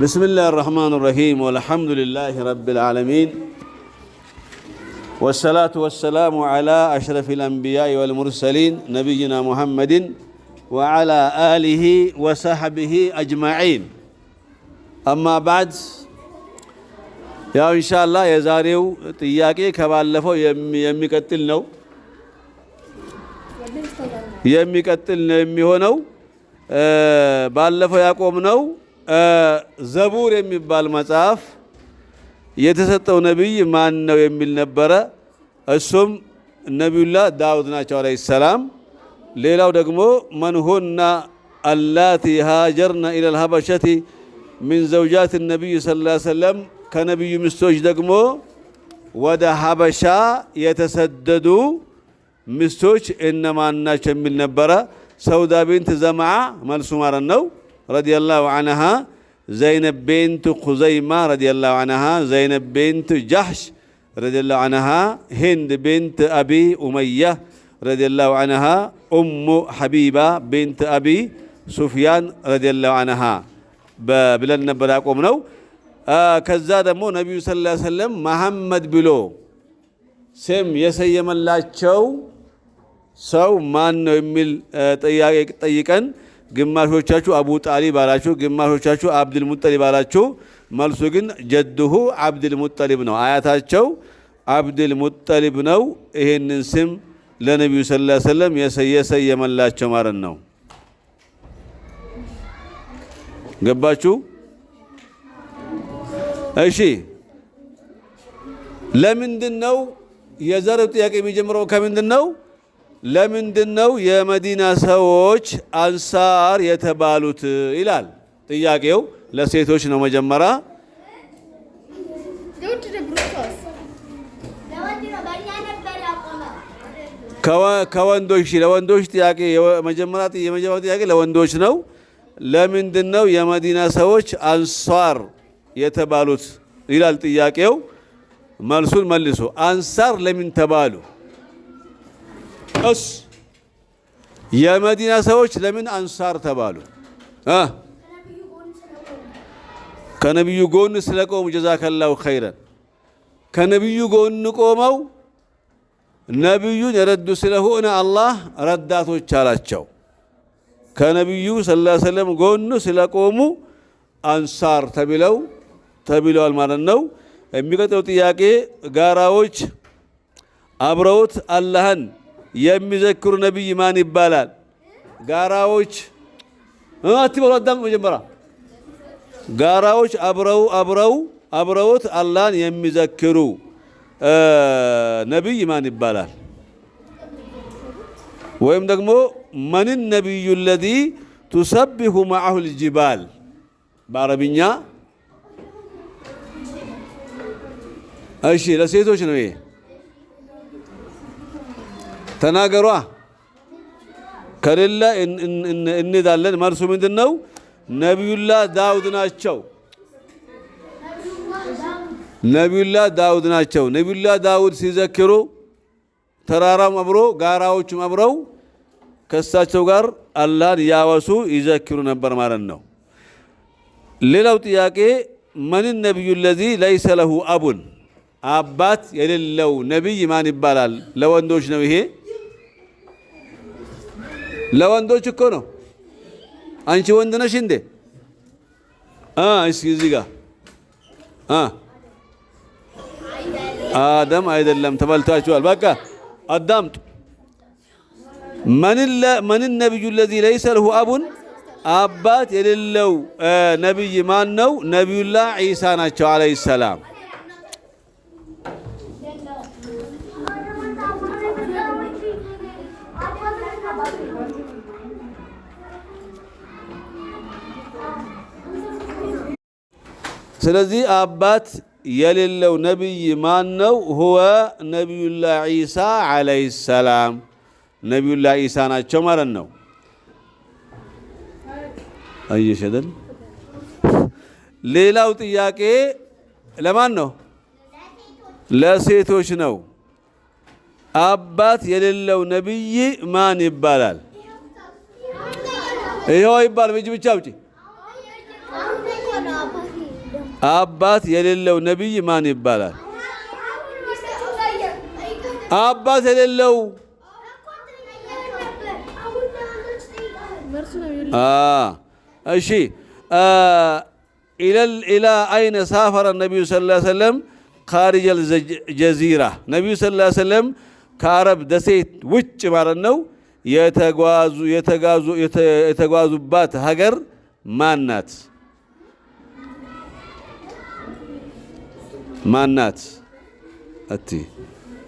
بسم الله الرحمن الرحيم والحمد لله رب العالمين والصلاة والسلام على أشرف الأنبياء والمرسلين نبينا محمد وعلى آله وصحبه أجمعين أما بعد يا يا إن شاء الله زاريو ያው يمي የዛሬው ጥያቄ يمي የሚቀጥል ነው የሚቀጥል ነው የሚሆነው يا ያቆምነው ዘቡር የሚባል መጽሐፍ የተሰጠው ነቢይ ማን ነው የሚል ነበረ። እሱም ነቢዩላ ዳውድ ናቸው አለይሂ ሰላም። ሌላው ደግሞ መንሁና አላቲ ሃጀርና ኢለል ሀበሸቲ ሚን ዘውጃት ነቢይ ሰለላሁ ዐለይሂ ወሰለም ከነቢዩ ሚስቶች ደግሞ ወደ ሀበሻ የተሰደዱ ሚስቶች እነማን ናቸው የሚል ነበረ። ሰውዳ ቢንት ዘምዓ መልሱ ማረን ነው። ረዲየላሁ አንሃ ዘይነብ ቤንቱ ኹዘይማ ረዲየላሁ አንሃ ዘይነብ ቤንቱ ጃህሽ ረዲየላሁ አንሃ ሂንድ ቤንት አቢ ኡመያ ረዲየላሁ አንሃ ኡሙ ሐቢባ ቤንት አቢ ሱፍያን ረዲየላሁ አንሃ ብለን ነበር ነው። ከዛ ደግሞ ነቢዩ ሰለላሁ ዐለይሂ ወሰለም መሐመድ ብሎ ስም የሰየመላቸው ሰው ማን ነው የሚል ጥያቄ ጠይቀን ግማሾቻችሁ አቡ ጣሊብ አላችሁ፣ ግማሾቻችሁ ሙጠሊብ አላችሁ። መልሱ ግን ጀድሁ ሙጠሊብ ነው፣ አያታቸው ሙጠሊብ ነው። ይህንን ስም ለነቢዩ ሰለላሁ ዐለይሂ ወሰለም የሰየመላቸው ማለት ነው። ገባችሁ? እሺ። ለምንድን ነው የዘር ጥያቄ የሚጀምረው? ከምንድን ነው ለምንድን ነው የመዲና ሰዎች አንሳር የተባሉት ይላል ጥያቄው። ለሴቶች ነው መጀመሪያ ከወንዶች ለወንዶች ጥያቄ የመጀመሪያ ጥያቄ ለወንዶች ነው። ለምንድን ነው የመዲና ሰዎች አንሷር የተባሉት ይላል ጥያቄው። መልሱን መልሶ አንሳር ለምን ተባሉ? እስ የመዲና ሰዎች ለምን አንሳር ተባሉ? ከነቢዩ ጎን ስለቆሙ ጀዛከላሁ ኸይረን። ከነቢዩ ጎን ቆመው ነቢዩን የረዱ ስለሆነ አላህ ረዳቶች አላቸው። ከነቢዩ ሰለላሁ ዐለይሂ ወሰለም ጎን ስለቆሙ አንሳር ተብለው ተብለዋል ማለት ነው። የሚቀጥለው ጥያቄ ጋራዎች አብረውት አላህን የሚዘክሩ ነቢይ ማን ይባላል? ጋራዎች አትበሉ። አዳም መጀመሪያ ጋራዎች አብረው አብረው አብረውት አላህን የሚዘክሩ ነቢይ ማን ይባላል? ወይም ደግሞ መን ነቢዩ ለዚ ቱሰቢሁ መዐሁ ልጅባል በአረብኛ። እሺ ለሴቶች ነው ይሄ ተናገሯ። ከሌለ እንሄዳለን። መልሱ ምንድን ነው? ነቢዩላ ዳውድ ናቸው። ነቢዩላ ዳውድ ናቸው። ነቢዩላ ዳውድ ሲዘክሩ ተራራም አብሮ ጋራዎቹም አብረው ከእሳቸው ጋር አላህን ያወሱ ይዘክሩ ነበር ማለት ነው። ሌላው ጥያቄ መን ነቢዩ ለዚ ለይሰ ለሁ አቡን አባት የሌለው ነቢይ ማን ይባላል? ለወንዶች ነው ይሄ ለወንዶች እኮ ነው። አንቺ ወንድ ነሽ እንዴ? እስኪ እዚህ ጋር አደም አይደለም፣ ተበልታችኋል። በቃ አዳምጡ። መን ነቢዩ ለዚ ለይሰ ለሁ አቡን አባት የሌለው ነቢይ ማን ነው? ነቢዩላህ ዒሳ ናቸው አለይሂ ሰላም ስለዚህ አባት የሌለው ነቢይ ማን ነው? ሁወ ነቢዩላ ዒሳ ዓለይሂ ሰላም ነቢዩላ ዒሳ ናቸው ማለት ነው። አየሸደል ሌላው ጥያቄ ለማን ነው? ለሴቶች ነው። አባት የሌለው ነቢይ ማን ይባላል? ይኸው ይባል ብቻ ውጪ አባት የሌለው ነቢይ ማን ይባላል? አባት የሌለው እሺ፣ ኢላ አይነ ሳፈረ ነቢዩ ሰለላሁ ዐለይሂ ወሰለም ካሪጀል ጀዚራ ነቢዩ ሰለላሁ ዐለይሂ ወሰለም ከአረብ ደሴት ውጭ ማለት ነው የተጓዙባት ሀገር ማን ናት? ማናት እቴ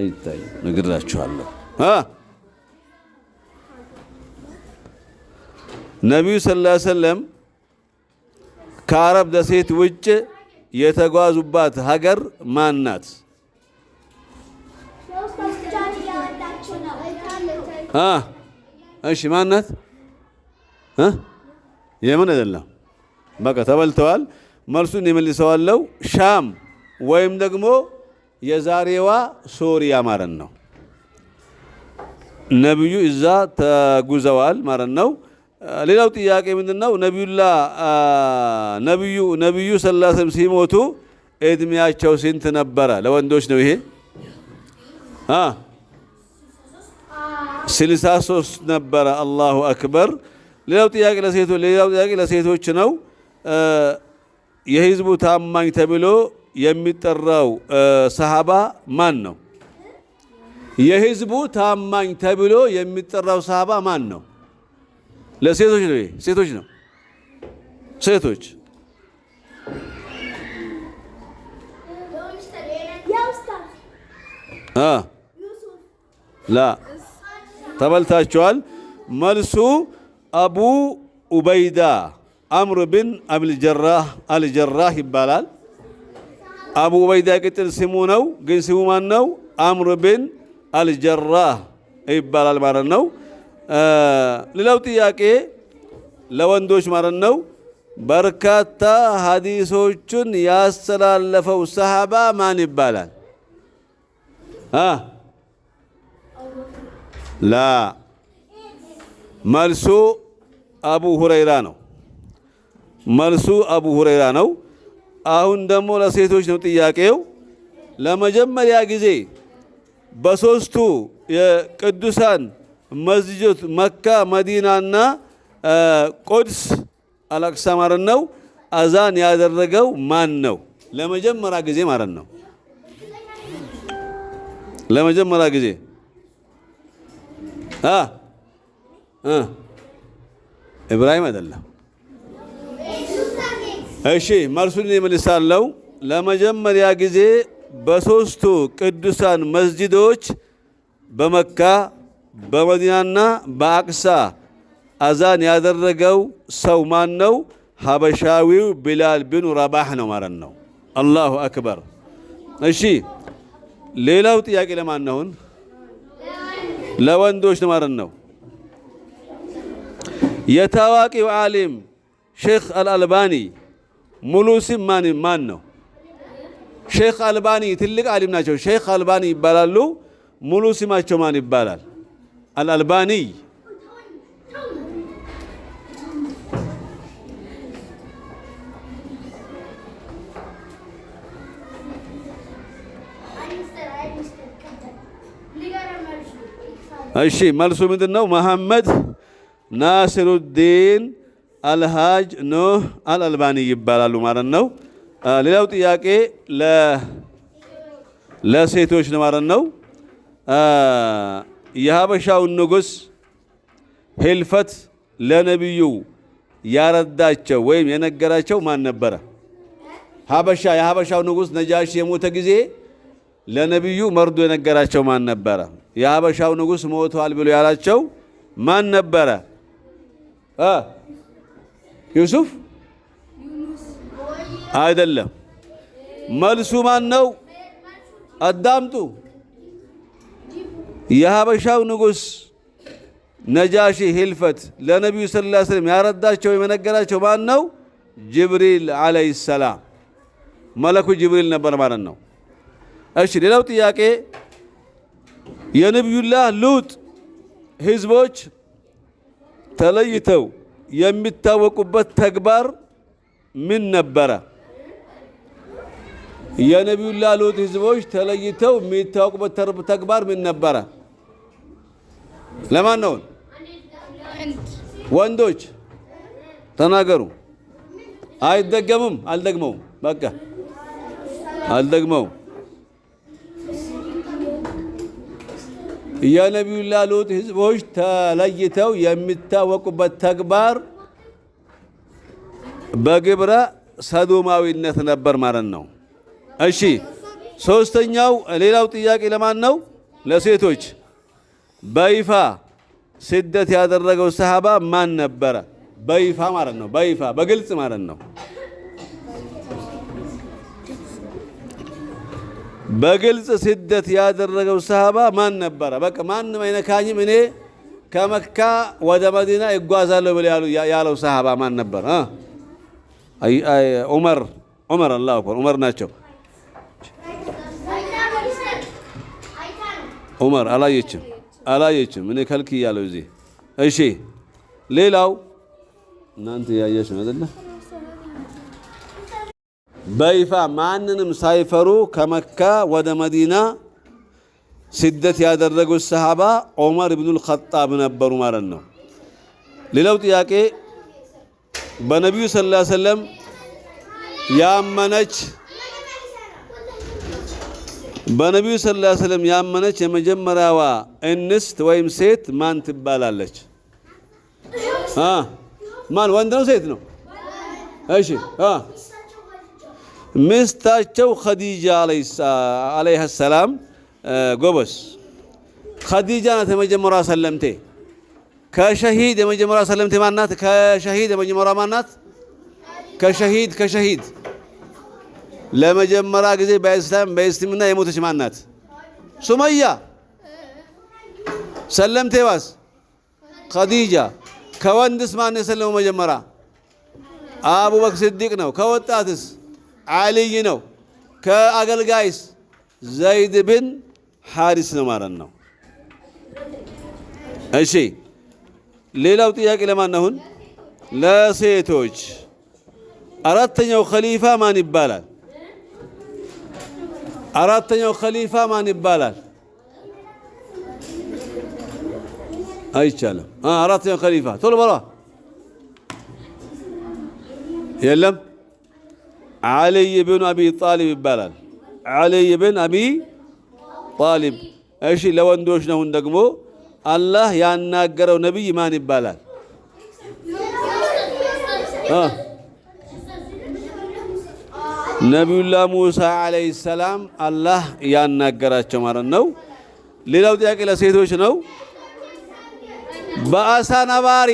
አይታይ ነግራችኋለሁ። ነቢዩ ሰለላሁ ዐለይሂ ወሰለም ከአረብ ደሴት ውጭ የተጓዙባት ሀገር ማናት? እሺ ማናት? የምን አይደለም። በቃ ተበልተዋል። መልሱን የመልሰዋለው ሻም ወይም ደግሞ የዛሬዋ ሶሪያ ማለት ነው። ነቢዩ እዛ ተጉዘዋል ማለት ነው። ሌላው ጥያቄ ምንድን ነው? ነቢዩላ ነቢዩ ነቢዩ ሰለላሁ ሲሞቱ እድሜያቸው ስንት ነበረ? ለወንዶች ነው ይሄ ስልሳ ሶስት ነበረ። አላሁ አክበር። ሌላው ጥያቄ ለሴቶች ሌላው ጥያቄ ለሴቶች ነው። የህዝቡ ታማኝ ተብሎ የሚጠራው ሰሃባ ማን ነው? የህዝቡ ታማኝ ተብሎ የሚጠራው ሰሃባ ማን ነው? ለሴቶች ነው። ሴቶች ነው። ሴቶች ላ ተበልታችኋል። መልሱ አቡ ኡበይዳ አምር ብን አብልጀራህ አልጀራህ ይባላል። አቡ ኡበይዳ ቅጥል ስሙ ነው፣ ግን ስሙ ማን ነው? አምር ብን አልጀራህ ይባላል ማለት ነው። ሌላው ጥያቄ ለወንዶች ማለት ነው። በርካታ ሀዲሶችን ያስተላለፈው ሰሃባ ማን ይባላል? ላ መልሱ አቡ ሁረይራ ነው። መልሱ አቡ ሁረይራ ነው። አሁን ደግሞ ለሴቶች ነው ጥያቄው። ለመጀመሪያ ጊዜ በሶስቱ የቅዱሳን መስጂዶች መካ፣ መዲናና ቆድስ አላክሳ ማለት ነው አዛን ያደረገው ማን ነው? ለመጀመሪያ ጊዜ ማለት ነው። ለመጀመሪያ ጊዜ ኢብራሂም አይደለም። እሺ መልሱን ይመልሳለሁ። ለመጀመሪያ ጊዜ በሶስቱ ቅዱሳን መስጂዶች በመካ በመዲናና በአቅሳ አዛን ያደረገው ሰው ማን ነው? ሀበሻዊው ቢላል ቢኑ ረባህ ነው ማለት ነው። አላሁ አክበር። እሺ ሌላው ጥያቄ ለማን ነውን? ለወንዶች ነው ማለት ነው። የታዋቂው ዓሊም ሼክ አልአልባኒ ሙሉ ስም ማን ማን ነው? ሼክ አልባኒ ትልቅ አሊም ናቸው። ሼክ አልባኒ ይባላሉ። ሙሉ ስማቸው ማን ይባላል? አልአልባኒ እሺ መልሱ ምንድን ነው? መሐመድ ናስሩዲን አልሃጅ ኖህ አልአልባኒ ይባላሉ ማለት ነው። ሌላው ጥያቄ ለሴቶች ማለት ነው። የሀበሻው ንጉስ ሂልፈት ለነቢዩ ያረዳቸው ወይም የነገራቸው ማን ነበረ? ሀበሻ የሀበሻው ንጉሥ ነጃሺ የሞተ ጊዜ ለነቢዩ መርዶ የነገራቸው ማን ነበረ? የሀበሻው ንጉሥ ሞተዋል ብሎ ያላቸው ማን ነበረ? ዩሱፍ አይደለም። መልሱ ማን ነው? አዳምጡ። የሀበሻው ንጉሥ ነጃሺ ህልፈት ለነቢዩ ሰለላሁ ዐለይሂ ወሰለም ያረዳቸው የመነገራቸው ማን ነው? ጅብሪል ዐለይሂ ሰላም መለኩ ጅብሪል ነበር ማለት ነው። እሺ፣ ሌላው ጥያቄ የነቢዩላህ ሉጥ ህዝቦች ተለይተው የሚታወቁበት ተግባር ምን ነበረ? የነቢዩላህ ሉጥ ህዝቦች ተለይተው የሚታወቁበት ተግባር ምን ነበረ? ለማን ነው? ወንዶች ተናገሩ። አይደገምም። አልደግመውም። በቃ አልደግመውም። የነቢዩላ ሉጥ ህዝቦች ተለይተው የሚታወቁበት ተግባር በግብረ ሰዶማዊነት ነበር ማለት ነው። እሺ ሶስተኛው ሌላው ጥያቄ ለማን ነው? ለሴቶች በይፋ ስደት ያደረገው ሰሃባ ማን ነበረ? በይፋ ማለት ነው። በይፋ በግልጽ ማለት ነው። በግልጽ ስደት ያደረገው ሰሃባ ማን ነበረ? በቃ ማንም አይነካኝም እኔ ከመካ ወደ መዲና ይጓዛለሁ ብሎ ያለው ሰሃባ ማን ነበረ? ዑመር ዑመር አላሁ አክበር ዑመር ናቸው። ዑመር አላየችም አላየችም። እኔ ከልክ እያለሁ እዚህ። እሺ ሌላው እናንተ ያያችሁ አይደለ በይፋ ማንንም ሳይፈሩ ከመካ ወደ መዲና ስደት ያደረጉት ሰሃባ ዑመር ኢብኑል ኸጣብ ነበሩ ማለት ነው። ሌላው ጥያቄ በነቢዩ ሰለላሁ ዐለይሂ ወሰለም ያመነች በነቢዩ ሰለላሁ ዐለይሂ ወሰለም ያመነች የመጀመሪያዋ እንስት ወይም ሴት ማን ትባላለች? ማን ወንድ ነው ሴት ነው? እሺ ምስታቸው ኸዲጃ ዓለይሃ ሰላም ጎበስ ኸዲጃ ናት የመጀመሪያ ሰለምቴ። ከሸሂድ የመጀመሪያ ሰለምቴ ማናት? ከሸሂድ የመጀመሪያ ማናት? ከሸሂድ ከሸሂድ ለመጀመሪያ ጊዜ በእስላም በእስልምና የሞተች ማናት? ሱመያ ሰለምቴዋስ ኸዲጃ። ከወንድስ ማን የሰለመው መጀመሪያ? አቡበክር ስዲቅ ነው። ከወጣትስ አልይ ነው። ከአገልጋይስ ዘይድ ብን ሐሪስ ነው ማለት ነው። እሺ ሌላው ጥያቄ ለማን አሁን? ለሴቶች አራተኛው ኸሊፋ ማን ይባላል? አራተኛው ኸሊፋ ማን ይባላል? አይቻለም። አራተኛው ኸሊፋ ቶሎ በሏ። የለም አልይ ብን አቢ ጣሊብ ይባላል። አልይ ብን አቢ ጣሊብ። እሺ ለወንዶች ነውን ደግሞ አላህ ያናገረው ነቢይ ማን ይባላል? ነቢዩላ ሙሳ ዓለይሂ ሰላም አላህ ያናገራቸው ማለት ነው። ሌላው ጥያቄ ለሴቶች ነው። በአሳ ነባሪ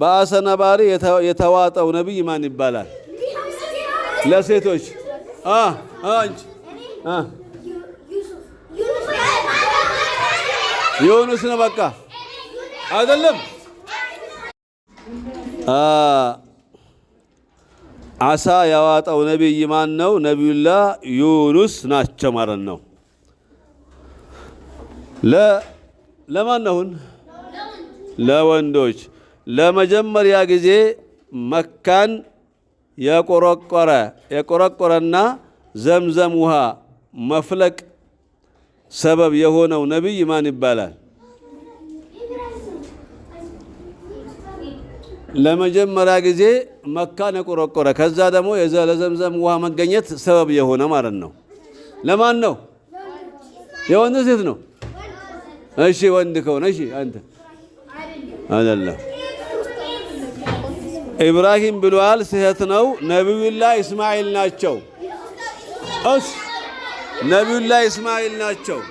በአሳ ነባሪ የተዋጠው ነቢይ ማን ይባላል? ለሴቶች አንቺ ዮኑስ ነው በቃ አይደለም። አሳ ያዋጣው ነቢይ ማን ነው? ነቢዩላ ዩኑስ ናቸው ማለት ነው። ለማን ነውን? ለወንዶች ለመጀመሪያ ጊዜ መካን የቆረቆረ የቆረቆረና ዘምዘም ውሃ መፍለቅ ሰበብ የሆነው ነቢይ ማን ይባላል? ለመጀመሪያ ጊዜ መካን የቆረቆረ ከዛ ደግሞ ለዘምዘም ውሃ መገኘት ሰበብ የሆነ ማለት ነው። ለማን ነው? የወንድ ሴት ነው? እሺ ወንድ ከሆነ እሺ አንተ አይደለም ኢብራሂም ብለዋል፣ ስህተት ነው። ነቢዩላህ እስማኤል ናቸው። ነቢዩላህ እስማኤል ናቸው።